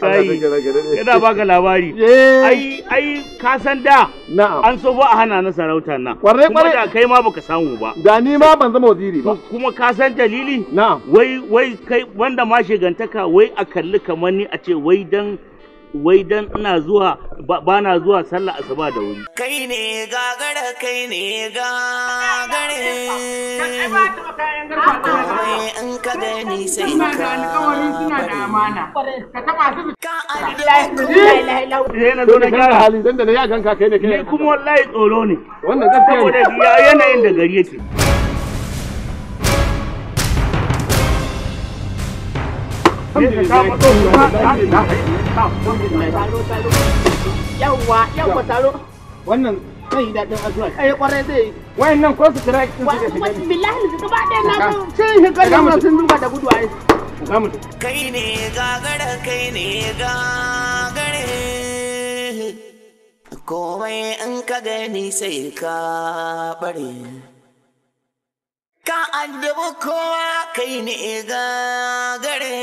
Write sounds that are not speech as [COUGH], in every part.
kai yana baka labari eh. ai ai ka san da an so ba a hana na sarauta na kwarai kwarai da kai ma baka samu ba da ni ma ban zama waziri ba kuma ka san dalili wai wai kai wanda ma shigantaka, wai a kalli kamar ni a ce wai dan wai dan ina zuwa ba na zuwa sallah asuba da wuri kai ne gagara kai ne gagare in ka gani sai ka suna da amana ka taba su ka eh, na zo na gyara hali dan da na ya ganka kai ne kai kuma wallahi tsoro ne wannan gaskiya ne yanayin da gari yake yawwa yawwa taro wannan zai yi daɗin addu'a kai eh, kwarai zai yi nan ko su kira ki sun shiga shi billahi da gaba ɗaya na sun shiga da sun zuba da gudu ai kai ne gagara kai ne gagare komai in ka gani sai ka bare ka addabi kowa kai ne gare,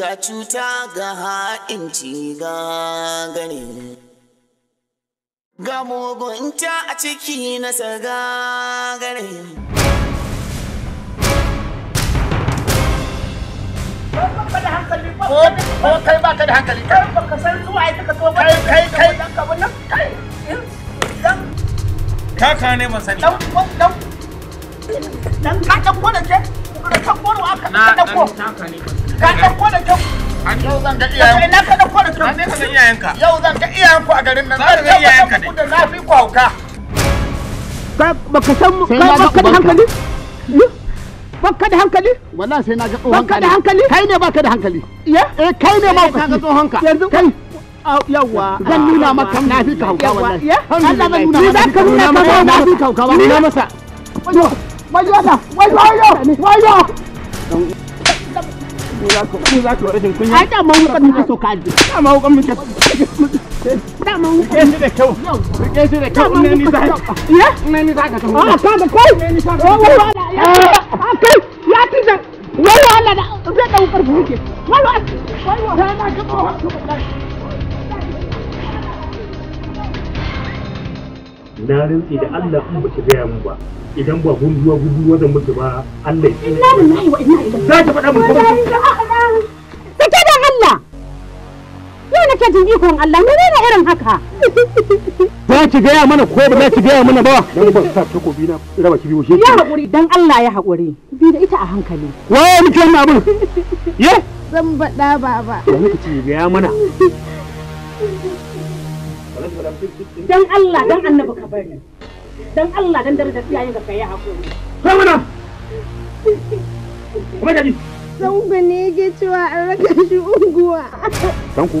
ga cuta ga ha'inci gagare ga mugunta a ciki nasa gare ko kai baka da hankali kai ba ka san zuwa ai ka kai kai kai kai kaka ne ban dan ɗauko da ke ɗauko da ka ɗauko ka ɗauko da ke yau zan ga iyayen ka ɗauko da ke yau zan ga iyayen ku a garin nan zan ga iyayen ka ne na fi ku hauka baka san da hankali baka da hankali wallahi sai na ga tsohon ka da hankali kai ne baka da hankali eh kai ne ba ka tsohon ka yanzu kai zan nuna maka na fi ka wallahi Allah zan nuna maka na fi ka wallahi masa wayo Allah wayo wayo ni za na rintsi da Allah in ba ki gaya mun ba idan ba gunduwa gudu wajen mutu ba Allah ya na yi wa ina idan. za ki faɗa mun kuma take da Allah yau nake jin ikon Allah ne ne irin haka za ki gaya mana ko ba za ki gaya mana ba dan ba sa takobi na raba ki biyo shi ya hakuri dan Allah ya hakuri bi da ita a hankali waye muke wannan abin ye zan faɗa baba ya nake ci gaya mana dan Allah dan annabi ka bari dan Allah dan darajar iyayen ka kai hakuri kai mana kuma da ji ga ne yake cewa an raka shi unguwa tanku ku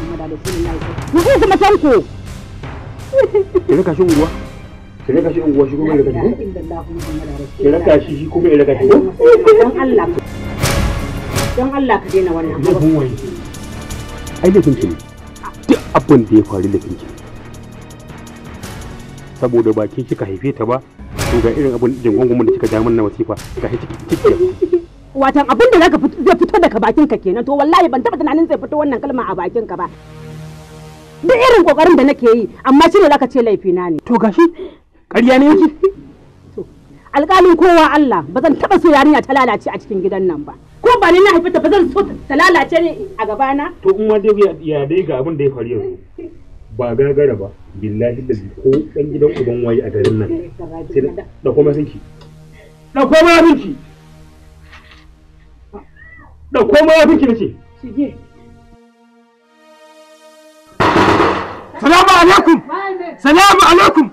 kuma tanku ki raka shi unguwa ki raka shi unguwa shi kuma ya raka shi ki raka shi shi kuma ya raka shi dan Allah dan Allah ka daina wannan abu ai da kun ne duk abin da ya faru da kinki saboda ba ke kika haife ta ba to ga irin abin jingungumin da kika ja min na wasifa ga shi kike [LAUGHS] watan abin da zaka zai fito daga bakin ka kenan to wallahi ban taba tunanin zai fito wannan kalma a bakin ka ba duk irin kokarin da nake yi amma shine zaka ce laifi na ne to gashi ƙarya ne yake alƙalin kowa Allah ba zan taba so yarinya ta lalace a cikin gidan nan ba ba ni na haifi ta ba zan so ta lalace ne a gaba na. To in ma dai ya dai ga abin da ya faru yanzu. Ba gagara ba billahi da ko dan gidan uban waye a garin nan. Da kuma sinki. Da kuma sinki. Da kuma sinki nace. Salamu alaikum. Salamu alaikum.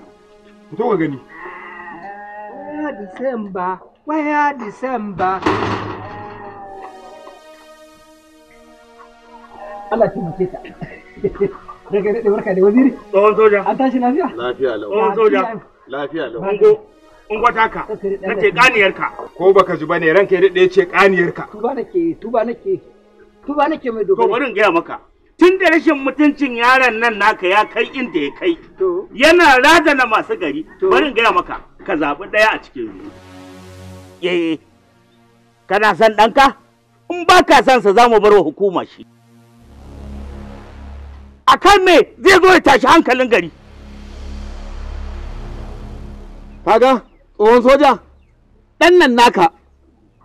Ku to ga gani. Waya Disamba, waya Disamba. Allah ya mace ta. daga daɗe barka da waziri tsohon soja an tashi lafiya lafiya lau tsohon soja lafiya lau ungo ungo taka na ce ƙaniyarka. ko baka ji bane ranka ya daɗe ce ƙaniyarka. tuba nake tuba nake tuba nake mai dogon. to bari in gaya maka tun da rashin mutuncin yaron nan naka ya kai inda ya kai yana na masu gari bari in gaya maka ka zaɓi ɗaya a cikin biyu eh, eh kana son ɗanka in ba ka son sa za mu bar wa hukuma shi a kan me zai zo ya tashi hankalin gari kaga tsohon soja ɗan nan naka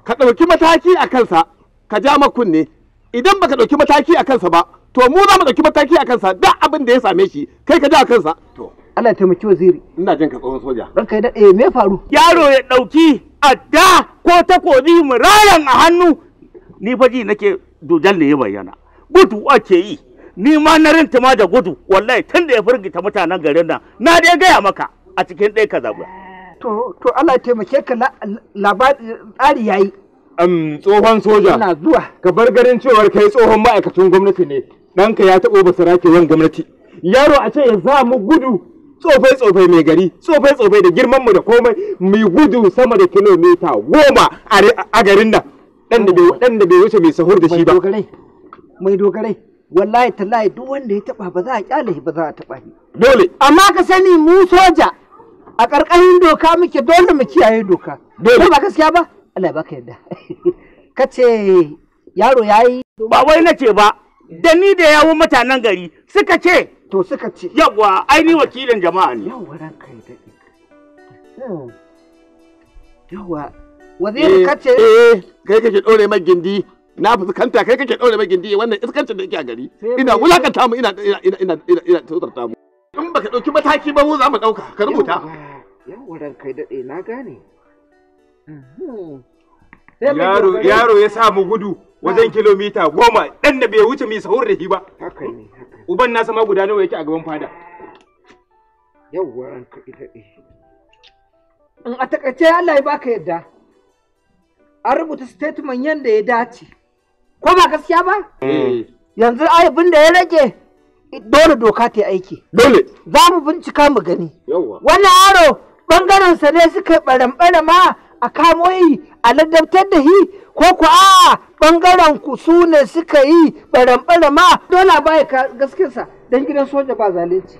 ka ɗauki mataki a kansa ka ja makunne idan baka ɗauki mataki a kansa ba to mu za mu ɗauki mataki a kansa da abin da ya same shi kai ka ja a kansa to Allah ya taimaki waziri ina jin ka tsohon soja ranka ya daɗe me faru yaro ya ɗauki adda ko takobi murayan a hannu ni fa ji nake dujal ne ya bayyana gudu ake yi ni ma na rinta ma da gudu wallahi tun da ya firgita mutanen garin nan na dai gaya maka a cikin ɗaya ka zaɓa. To, to Allah taimake ka labari tsari yayi. yi. tsohon soja. Ina zuwa. Ka bar garin cewar kai tsohon ma'aikacin gwamnati ne. Ɗanka ya taɓo ba ke yan gwamnati. Yaro a ce ya za mu gudu tsofai tsofai mai gari tsofai tsofai da girman mu da komai mu gudu sama da kilomita goma a garin nan. Dan da bai wuce mai sahur da shi ba. Mai dogarai. Mai dogarai. wallahi tallahi duk wanda ya taba ba za a kyale shi ba za a taba shi dole amma ka sani mu soja a ƙarƙashin doka muke dole mu kiyaye doka dole ba gaskiya ba Allah ya baka yarda [LAUGHS] ka ce yaro yayi ba wai nace ba da ni da yawo mutanen gari suka ce to suka ce yawa ai ni wakilin jama'a ne yawa ranka ya dade hmm. yawa wazir eh, ka ce eh, eh kai kake dore mai gindi na fuskanta kai kake daure mai gindi wannan iskancin da yake a gari ina wulakanta mu ina ina ina ina ina mu in baka dauki mataki ba mu za mu dauka ka rubuta yawa ran kai dade na gane mhm. yaro yaro ya samu gudu wajen kilomita goma dan da bai wuce mai sahur da shi ba haka ne uban nasa ma guda nawa yake a gaban fada yawa ran kai dade in a takaice Allah ya baka yadda an rubuta statement yadda ya dace ko ba gaskiya ba eh. yanzu abin da ya rage dole doka ta aiki dole za mu bincika mu gani wannan aro bangaren sa ne suka barambara ma a kamo yi a ladabtar da hi ko ku a bangaren ku su ne suka yi barambara ma dole a ba gaskiyarsa don gidan soja ba zalunci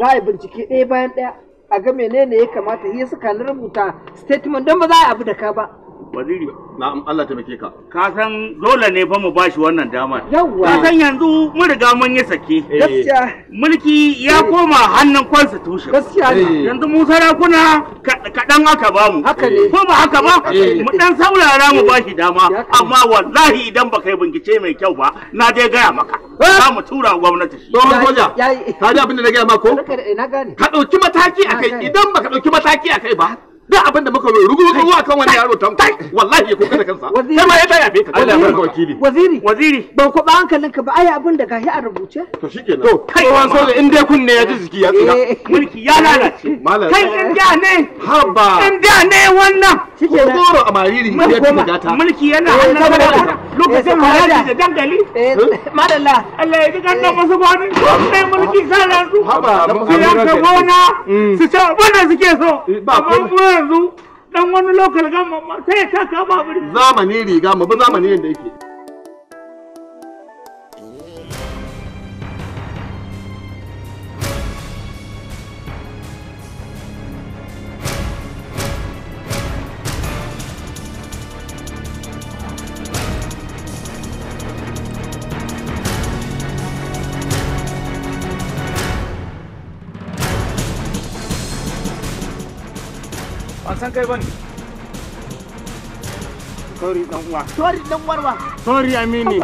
za a bincike ɗaya bayan ɗaya a ga menene ya kamata yi suka rubuta statement don ba za a abu da ka ba waziri na'am Allah ta ka ka san dole ne fa mu bashi wannan damar ka san yanzu mun riga mun yi sake eh. gaskiya mulki ya eh. koma hannun constitution gaskiya eh. yanzu mu sarakuna kaɗan aka bamu haka ne ko ba haka ba mu dan saurara mu bashi dama amma wallahi idan ba kai bincike mai kyau ba na dai gaya maka za mu tura gwamnati shi tsohon soja ka ji abin da na gaya ma ko ka ɗauki mataki akai idan ba ka ɗauki mataki akai ba duk abin da muka yi rugu rugu wa kan wani yaro tanko wallahi ko kuka kansa kai ma ya ta yafe ka Allah ya barka wakili waziri waziri ban ku ba hankalinka ba ai abin da gashi a rubuce to shikenan to kai wan so da inda kunne ya ji jiki ya tsira eh. mulki ya lalace kai inda ne haba inda ne wannan shike na goro a mariri ya ci gata mulki yana eh, hannun saboda lokacin eh, haraji da dangali eh, madalla Allah ya ji ganna masu bani mai mulki sanan su su yanka gona mm. su ce wanda suke so amma mu yanzu dan wani lokal gamma sai ta kama zamani riga mu bi zamani yanda yake san sorry dan uwa sorry dan uwarwa sorry amini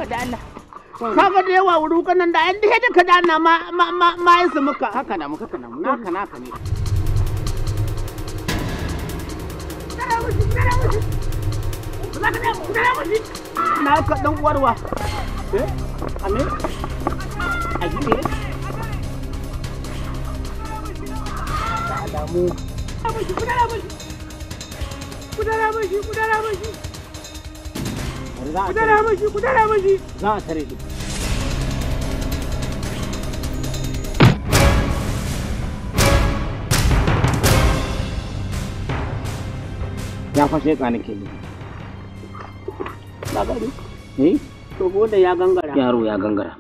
kaga da yawa wurukan nan da an da ka na ma ma ma yansu muka haka na muka kana mu naka naka ne ka dan eh ame alamu kudara mashi kudara mashi kudara mashi kudara mashi za a tare duk ya fashe kwanakin ne ba gari eh to ya gangara yaro ya gangara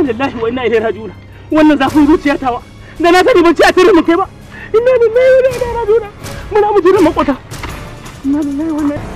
inna lillahi wa inna ilaihi raji'un wannan zafin zuciya tawa da na sani ban ci a tare mu kai ba inna lillahi wa inna ilaihi raji'un muna mujirin makota inna lillahi wa inna ilaihi